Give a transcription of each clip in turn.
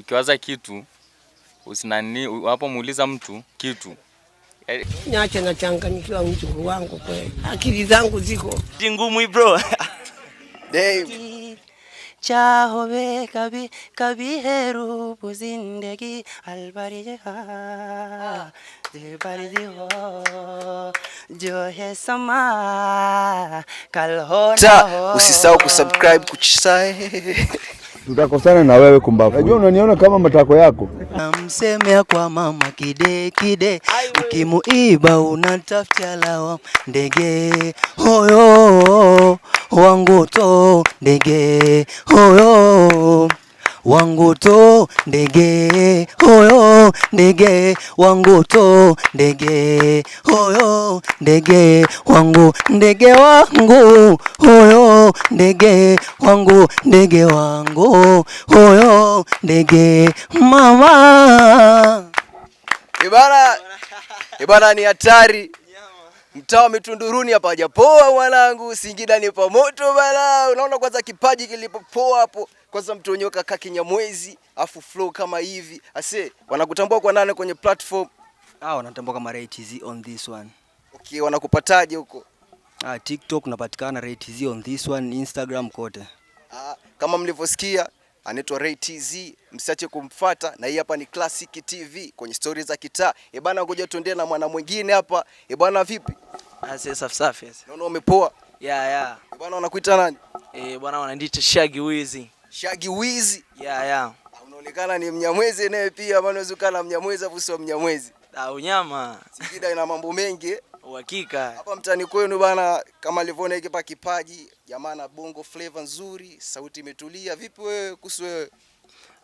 ukiwaza kitu usinani hapo, muuliza mtu kitu Nyacha nachanganyikiwa mjukuu wangu kwe, akili zangu ziko ngumu bro. Chahobe kabi kabi heru buzindegi albariye ha debariye ho jo he sama kal ho usisahau kusubscribe kuchisa tutakosana na wewe kumbafu. Najua unaniona kama matako yako. Namsemea kwa mama kide kide, ukimuiba unatafuta lawa. Ndege hoyo wangu to ndege hoyo wanguto ndege hoyo ndege wanguto ndege hoyo ndege wangu ndege wangu hoyo ndege wangu ndege wangu hoyo ndege mama. Ibana eh, ibana eh, ni hatari Mtaa wa Mitunduruni hapa hajapoa mwanangu, Singida ni pamoto moto bala. Unaona kwanza kipaji kilipopoa hapo. Kwanza mtu wenyewe kakaa kinyamwezi, afu flow kama hivi ase, wanakutambua kwa nane kwenye platform? Ah, wanatambua kama Ray TZ on this one. Okay, wanakupataje huko? Ah, TikTok napatikana Ray TZ on this one, Instagram kote. Ah, kama mlivyosikia anaitwa Ray TZ, msiache kumfuata na hii hapa ni Classic TV kwenye stories za kitaa. Eh bana, ngoja tuendee na mwana mwingine hapa. Eh bana, vipi? Ah, safi safi. Naona umepoa. Yeah, yeah. Eh bana, wanakuita nani? Eh bwana, wananiita Shaggy Wizi. Shagi Wiz. Yeah, yeah. Ah, unaonekana ni Mnyamwezi naye pia, maana uzikana Mnyamwezi afu sio Mnyamwezi. Da, ah, unyama. Singida ina mambo mengi. Uhakika. Hapa mtani kwenu bana, kama alivyoona hiki pa kipaji, jamaa na bongo flavor nzuri, sauti imetulia. Vipi wewe kuhusu wewe?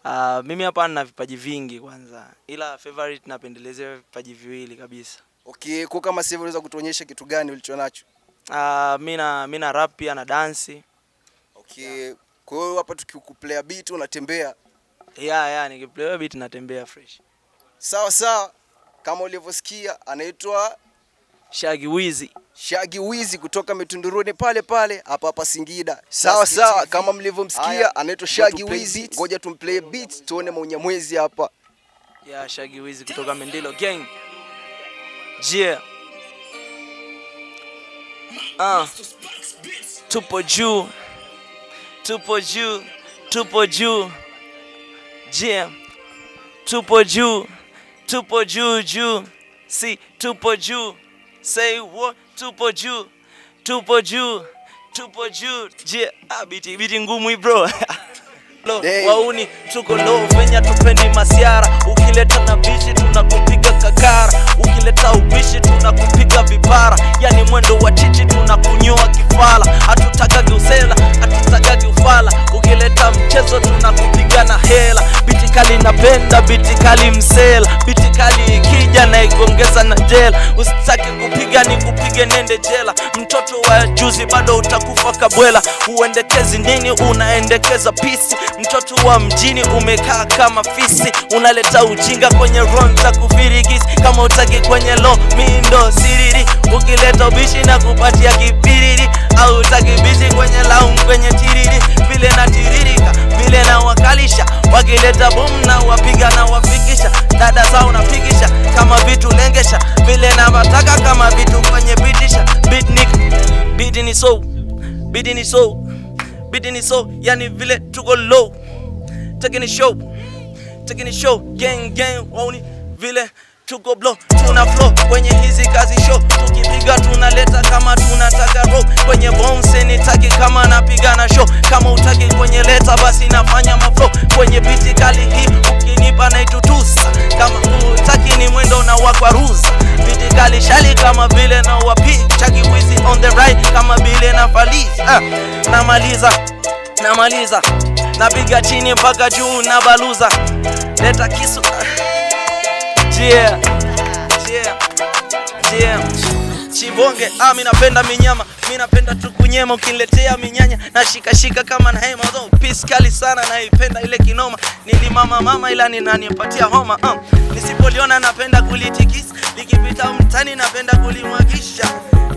Uh, mimi hapa nina vipaji vingi kwanza, ila favorite napendelezea vipaji viwili kabisa. Okay, kwa kama sivyo unaweza kutuonyesha kitu gani ulichonacho? Uh, mimi na mimi na rap pia na dance. Okay, yeah. Kwa hiyo hapa tukikuplay beat unatembea. Yeah, yeah, nikiplay beat natembea fresh. Sawa sawa, kama ulivyosikia anaitwa Shaggy Wizzy. Shaggy Wizzy kutoka Mitunduruni pale pale hapa hapa Singida. Sawa sawa, kama mlivyomsikia anaitwa Shaggy Wizzy. Ngoja tumplay beat tuone Maunyamwezi hapa. Yeah, Shaggy Wizzy kutoka Mendilo Gang. Yeah. Ah. Tupo juu tupo juu, tupo juu je, yeah. Tupo juu, tupo juu juu, si tupo juu, say what? Tupo juu, tupo juu, tupo juu je, yeah. Ah, biti biti ngumu hii bro Wauni tuko low venya tupendi masiara, ukileta na bishi tunakupiga kakara, ukileta ubishi tunakupiga vipara, yani mwendo wa chichi tunakunyoa kifala napenda biti kali msela, biti kali ikija na igongeza na jela. Usitaki kupiga ni kupige nende jela, mtoto wa juzi bado utakufa kabwela. Uendekezi nini? Unaendekeza pisi, mtoto wa mjini umekaa kama fisi, unaleta ujinga kwenye za kufirigisi. Kama utaki kwenye lo mindo siriri, ukileta ubishi na kupatia kipiriri, au utaki bishi kwenye laum kwenye nikileta boom na wapiga na wafikisha, dada zao nafikisha, kama vitu lengesha vile na mataka kama vitu kwenye bitisha beatnik, beat ni so, beat ni so, beat ni so, yani vile tuko low, taking a show, taking a show, gang gang, wauni vile tuko blow, tuna flow kwenye hizi kazi show, tukipiga tunaleta kama tunataka rock kwenye bombs, nitaki kama napigana show, kama utaki kwenye leta basi nafanya maflow kwenye biti kali hii, ukinipa naitutusa kama hutaki ni mwendo na wakwaruza biti kali shali kama vile na wapicha kiwizi on the right kama vile na faliza ah, namaliza namaliza napiga chini mpaka juu na baluza leta kisu yeah. Yeah. Yeah. Chibonge, ah, mimi napenda minyama, mimi napenda tu kunyema, ukiniletea minyanya na shika shika kama na hema zao. Peace kali sana naipenda ile kinoma. Nilimama mama ila ninanipatia homa. Ah, nisipoliona napenda kulitikisa, likipita mtani napenda kulimwagisha.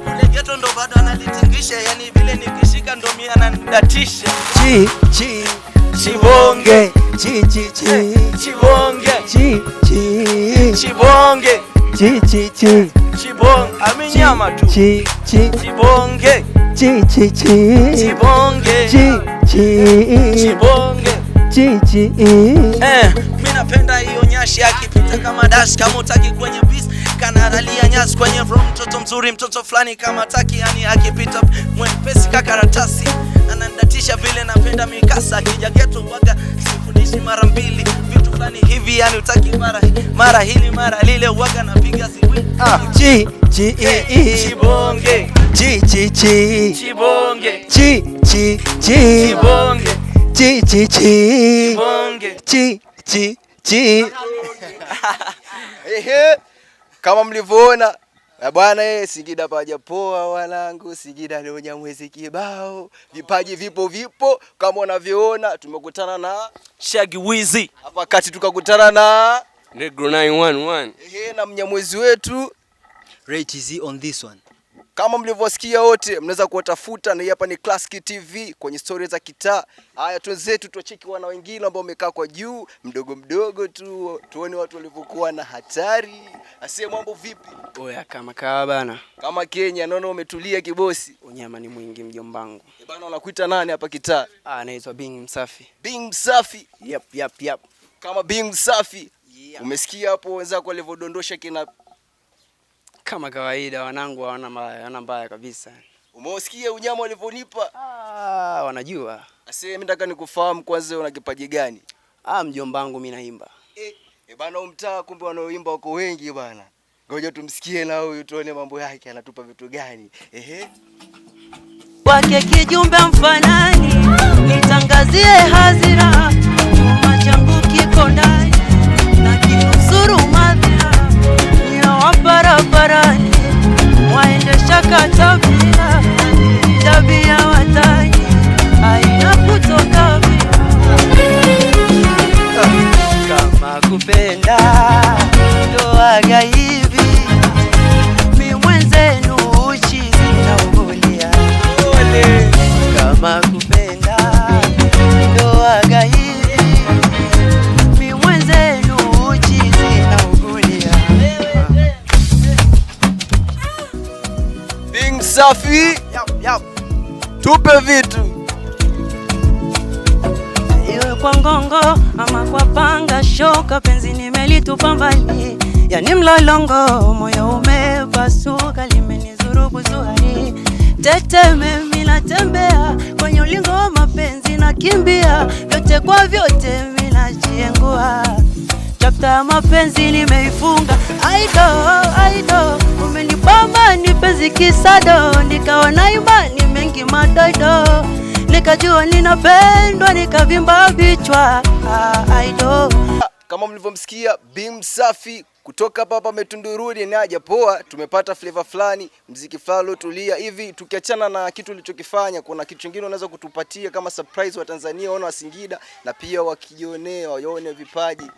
Kule ghetto ndo bado analitingisha, yani vile nikishika ndo mimi ananidatisha. Chi chi Chibonge, chi chi chi. Chibonge, eh, chi chi. Chibonge chi chi chi Chibong amenyama tu chi chi Chibonge chi chi chi Chibonge chi chi Chibonge chi chi Eh, mimi napenda hiyo nyashi akipita kama dash kama utaki kwenye bis kanaralia nyasi kwenye room mtoto mzuri mtoto fulani kama taki yani akipita mwepesi karatasi anandatisha vile napenda mikasa ghetto waga sifundishi mara mbili Ramadhani hivi yani utaki mara mara hili mara lile uwaga napiga siwi ah chi chi e chibonge chi chi chi chibonge chi chi chi chibonge chi chi chi chibonge chi chi chi kama mlivyoona na bwana yeye eh, paja poa wanangu, Singida leo nyamwezi kibao. Vipaji vipo vipo kama unavyoona, tumekutana na Shagiwizi. Hapa kati tukakutana na Negro 911. Ehe, na mnyamwezi wetu Rate is on this one. Kama mlivyosikia wote, mnaweza kuwatafuta, na hii hapa ni Classic TV kwenye stori za kitaa. Haya, twenzetu tuwacheki wana wengine ambao wamekaa kwa juu mdogo mdogo tu, tuone watu walivyokuwa na hatari. Asiye mambo vipi? Oya, kama kawa bana, kama Kenya. Naona umetulia kibosi. Unyama ni mwingi mjombangu E eh bana. Unakuita nani hapa kitaa? Ah, anaitwa Bing Msafi. Bing Msafi, yep, yep, yep. Kama Bing Msafi, yeah. Umesikia hapo wenzako walivyodondosha kina kama kawaida, wanangu hawana mbaya, hawana mbaya kabisa. Umeosikia unyama walivyonipa? Ah, wanajua. Ase, mimi nataka nikufahamu kwanza, una kipaji gani? Ah, mjomba wangu mimi naimba. Eh, e bana, umtaa kumbe wanaoimba wako wengi bana. Ngoja tumsikie na huyu tuone mambo yake anatupa vitu gani. Ehe. Wake kijumbe mfanani, nitangazie hazira, machangu Kata safi yep, yep. Tupe vitu iwe kwa ngongo ama kwa panga shoka, penzi nimelitupa mbali, yani mlolongo, moyo umepasuka, limenizuru zuhari, teteme minatembea kwenye ulingo wa mapenzi, kimbia vyote kwa vyote, minajiengua Taa mapenzi nimeifunga, aido aido, umenibamba nipenzi kisado, nikaona imani mengi madoido, nikajua ninapendwa, nikavimba vichwa aido. Ah, kama mlivyomsikia Bim Safi kutoka hapa Metundurudi na japoa, tumepata flavor fulani, mziki fulani tulia hivi. Tukiachana na kitu ulichokifanya, kuna kitu kingine unaweza kutupatia kama surprise wa Tanzania, wana wa Singida na pia wakijionea waone vipaji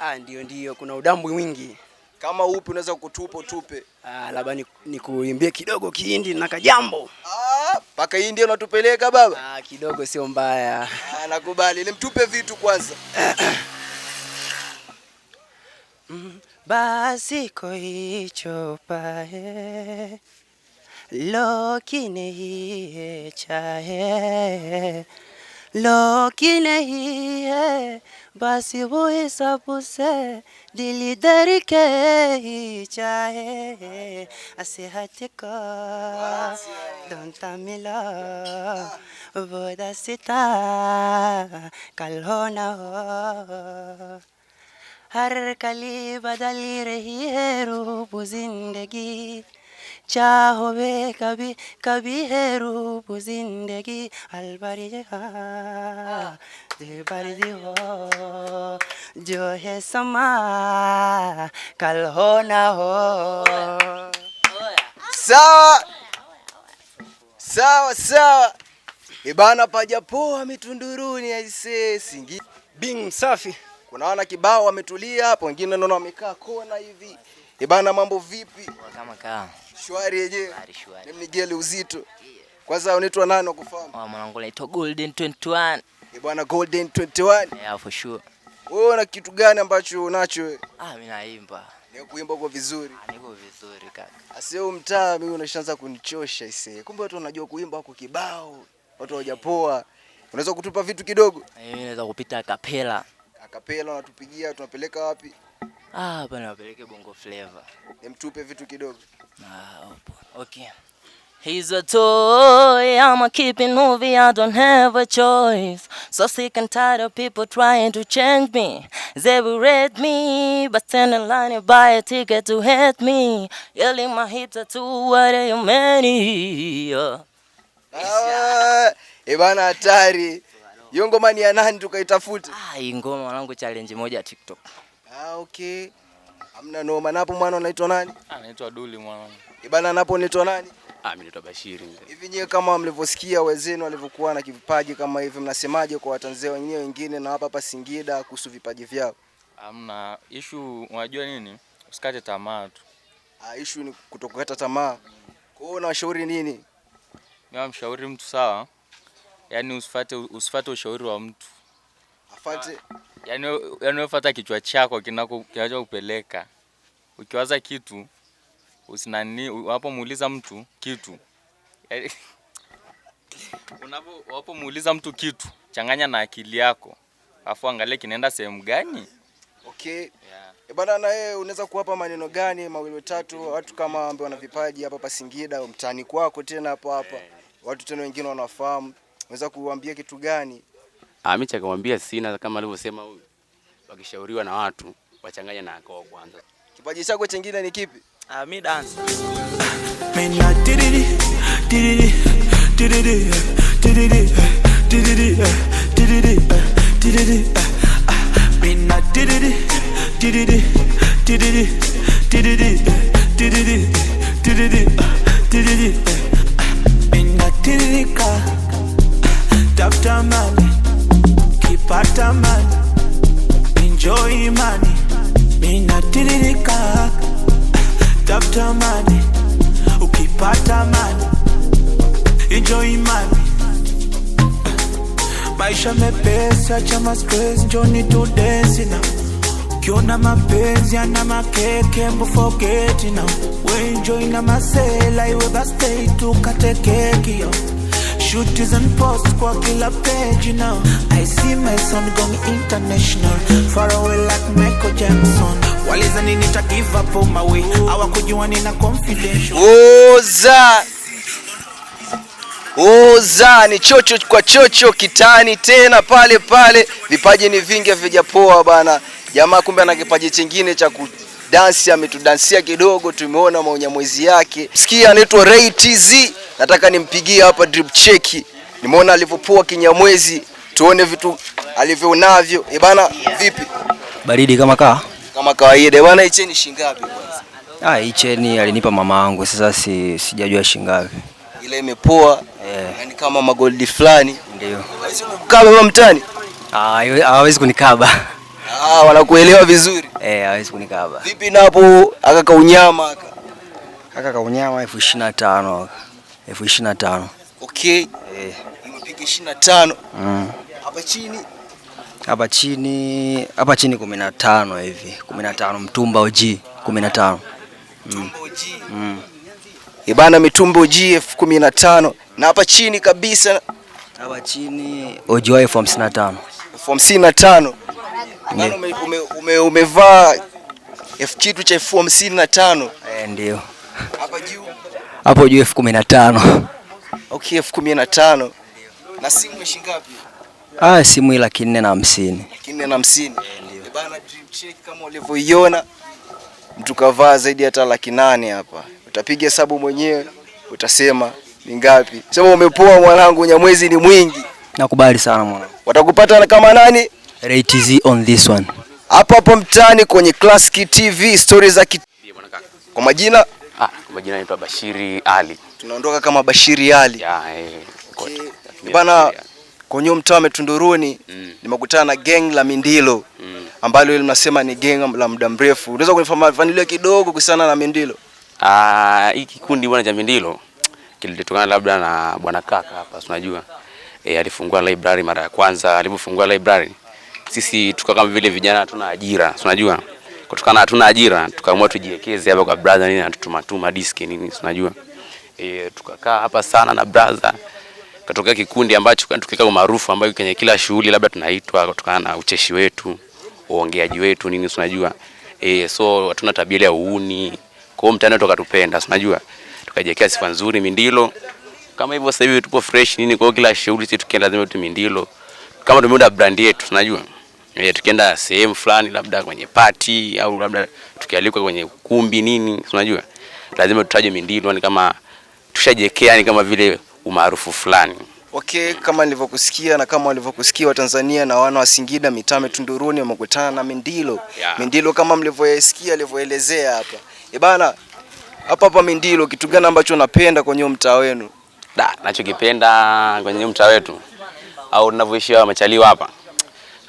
Ah, ndio ndio, kuna udambu mwingi. Kama upi unaweza kutupa tupe. Ah, labda nikuimbie ni kidogo kihindi na kajambo. Ah, paka hii ndio unatupeleka baba? Ah, kidogo sio mbaya. Ah, nakubali. Nimtupe vitu kwanza. Basi koicho pae lokine hiye chae lokine hiye बस वो सबसे दिलदर के ही चाहे असहत को दोनता मिला वो दस्ता कल हो न हो हर कली बदल रही है रूप जिंदगी chahobe kabi kabi heru buzindegi albari ha de bari di ho jo he sama kal ho na ho sawa sawa sawa ibana pajapoa mitunduruni aise singi bing safi kuna wana kibao wametulia hapo wengine naona wamekaa kona hivi ibana mambo vipi kama kama Shwari yenyewe. Mimi gele uzito. Kwanza unaitwa nani kufahamu? Ah, mwanangu naitwa Golden 21. Eh, bwana Golden 21. Yeah, for sure. Wewe una kitu gani ambacho unacho wewe? Ah, mimi naimba. Ni kuimba kwa vizuri. Ah, niko vizuri kaka. Asiye ah, mtaa mimi unashaanza kunichosha ise. Kumbe watu wanajua kuimba kwa kibao. Watu hawajapoa. Unaweza kutupa vitu kidogo? Eh, mimi naweza kupita akapela. Akapela unatupigia tunapeleka wapi? Ah, hapa napeleke Bongo Flava. Nimtupe vitu kidogo. Ah, okay. He's a toy, I'ma keep it moving, I don't have a choice. So sick and tired of people trying to change me. They will read me, but stand in line and buy a ticket to hate me. Yelling my hips are too, what are eh, you many? Ah, Ebana eh, hatari. Hiyo ngoma ni ya nani tukaitafuta? Ah, ngoma wanangu challenge moja TikTok. Ah, okay. Hamna noma. Napo mwana anaitwa nani? Anaitwa ah, Duli mwana. Ibana eh, napo anaitwa nani? Ah, mimi naitwa Bashiri Hivi nyewe kama mlivyosikia wenzenu walivyokuwa na kipaji kama hivi, mnasemaje kwa Watanzania wengine wengine na hapa hapa Singida kuhusu vipaji vyao? Hamna issue, unajua nini? Usikate tamaa tu. Ah, issue ni kutokukata tamaa. Kwa hiyo unawashauri nini? Mimi namshauri mtu sawa. Yaani usifate usifate ushauri wa mtu. Yaani yaani fuate ufata kichwa chako kupeleka Ukiwaza kitu usinani, unapomuuliza mtu kitu yaani, unapomuuliza mtu kitu, changanya na akili yako, afu angalia kinaenda sehemu gani. Okay. Yeah. E bana, na unaweza kuwapa maneno gani mawili matatu watu kama ambao wana vipaji hapa pa Singida mtaani kwako tena hapo hapa, eh. watu tena wengine wanafahamu, unaweza kuambia kitu gani? Amicha akamwambia sina, kama alivyosema huyu, wakishauriwa na watu wachanganya na akao kwanza. Kipaji chako chingine ni kipi? Ah, mi dance. maisha mepesi, acha mastress, njoni tu dance na Kiona mapenzi ana makeke, mbo forget na we enjoy na masela, iwe bastei tukate keki yo Shootings and posts kwa kila page now. I see my son going international, far away like Michael Jackson. Walizani nita give up on my way, hawakujua nina confidential. Oza uza ni chocho kwa chocho kitani tena pale pale. Vipaji ni vingi havijapoa bana. Jamaa kumbe ana kipaji chingine cha kudansi, ametudansia kidogo, tumeona maonya mwezi yake. Sikia, anaitwa Ray TZ, nataka nimpigie hapa drip cheki, nimeona alivyopoa kinyamwezi, tuone vitu alivyo navyo. e bana. Vipi, baridi kama kaa kama kawaida bana. Icheni cheni shingapi kwanza? Ah, icheni alinipa mama yangu, sasa si sijajua shingapi ile imepoa Eh. Yaani kama magoli fulani. Ndio. Kama mtani? Ah, hawezi kunikaba. Ah, wanakuelewa vizuri. Eh, hawezi kunikaba. Vipi napo aka kaunyama aka? Aka kaunyama elfu ishirini na tano. Elfu ishirini na tano. Okay. Eh. Nimepiga ishirini na tano. Mm. Hapa chini hapa chini hapa chini kumi na tano hivi kumi na tano mtumba OG kumi na tano mm. mm. Ibana eh, mitumba OG elfu kumi na tano na hapa chini kabisa hapa chini Ojoa elfu hamsini na tano elfu hamsini na tano umevaa kitu cha elfu hamsini na tano ndio hapa juu hapo juu elfu kumi na tano Okay, elfu kumi na tano na simu shilingi ngapi? Ah, simu hii laki nne na hamsini. Laki nne na hamsini. Ndio. Eh, bana dream check kama ulivyoiona mtu kavaa zaidi hata laki nane hapa, utapiga hesabu mwenyewe utasema ni ngapi? Sema umepoa mwanangu, Nyamwezi ni mwingi. Nakubali sana mwanangu. Watakupata kama nani? RTZ on this one. Hapo hapo mtaani kwenye Classic TV stories za ki... Kwa majina? Ah, kwa majina naitwa Bashiri Ali. Tunaondoka kama Bashiri Ali. Ya, eh, okay. Bana kwenye mtaa wa Tunduruni mm. nimekutana na gang la Mindilo mm. ambalo ile mnasema ni gang la muda mrefu. Unaweza kunifafanulia kidogo kuhusiana na Mindilo? Ah, hii kikundi bwana cha Mindilo kilitokana labda na bwana kaka hapa, tunajua e, eh, alifungua library mara ya kwanza. Alipofungua library, sisi tukawa kama vile vijana hatuna ajira, tunajua kutokana hatuna ajira, tukaamua tujiwekeze hapa kwa brother, nini anatutuma tuma diski nini, tunajua e, eh, tukakaa hapa sana na brother katokea kikundi ambacho tukiweka umaarufu ambayo kwenye kila shughuli labda tunaitwa kutokana na ucheshi wetu, uongeaji wetu nini, unajua e, so hatuna tabia ya uuni, kwa hiyo mtani tukatupenda, unajua akajiwekea sifa nzuri Mindilo. Kama hivyo sasa hivi tupo fresh nini, kwa kila shughuli sisi tukienda lazima tu Mindilo. Kama tumeunda brand yetu tunajua. e, tukienda sehemu fulani labda kwenye party au labda tukialikwa kwenye kumbi nini, tunajua. Lazima tutaje Mindilo ni kama tushajiwekea ni kama vile umaarufu fulani. Okay, kama nilivyokusikia na kama walivyokusikia Watanzania na wana wa Singida Mitame Tunduruni wamekutana na Mindilo. Yeah. Mindilo kama mlivyoyasikia alivyoelezea hapa. E bana, hapa hapa Mindilo, kitu gani ambacho unapenda kwenye mtaa wenu? Da, nachokipenda kwenye mtaa wetu au tunavyoishi machaliwa hapa,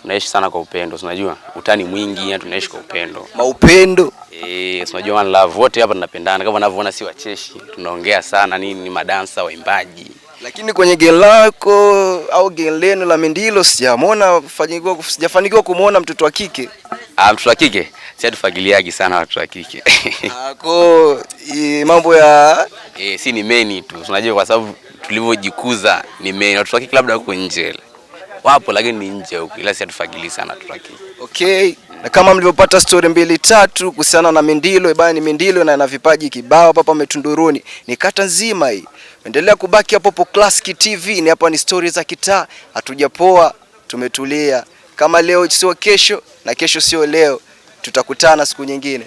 tunaishi sana kwa upendo. Unajua utani mwingi, tunaishi kwa upendo, maupendo eh, unajua one love, wote hapa tunapendana. Kama unavyoona, si wacheshi, tunaongea sana nini, ni madansa, waimbaji lakini kwenye gen lako au gen lenu la Mindilo sijamwona, sijafanikiwa kumwona mtoto wa kike. Ah, mtoto wa kike si atufagiliagi sana watu wa kike ako ah, mambo ya e, si ni meni tu unajua, kwa sababu tulivyojikuza ni meni. Watu wa kike labda huko nje wapo, lakini ni nje huko, ila si atufagilii sana watu wa kike. Okay, na kama mlivyopata stori mbili tatu kuhusiana na Mindilo ibaya ni Mindilo na ina vipaji kibao hapa hapa Metunduruni, ni kata nzima hii. Endelea kubaki hapo po Classic TV, ni hapa ni stori za kitaa, hatujapoa tumetulia. Kama leo sio kesho na kesho sio leo tutakutana siku nyingine.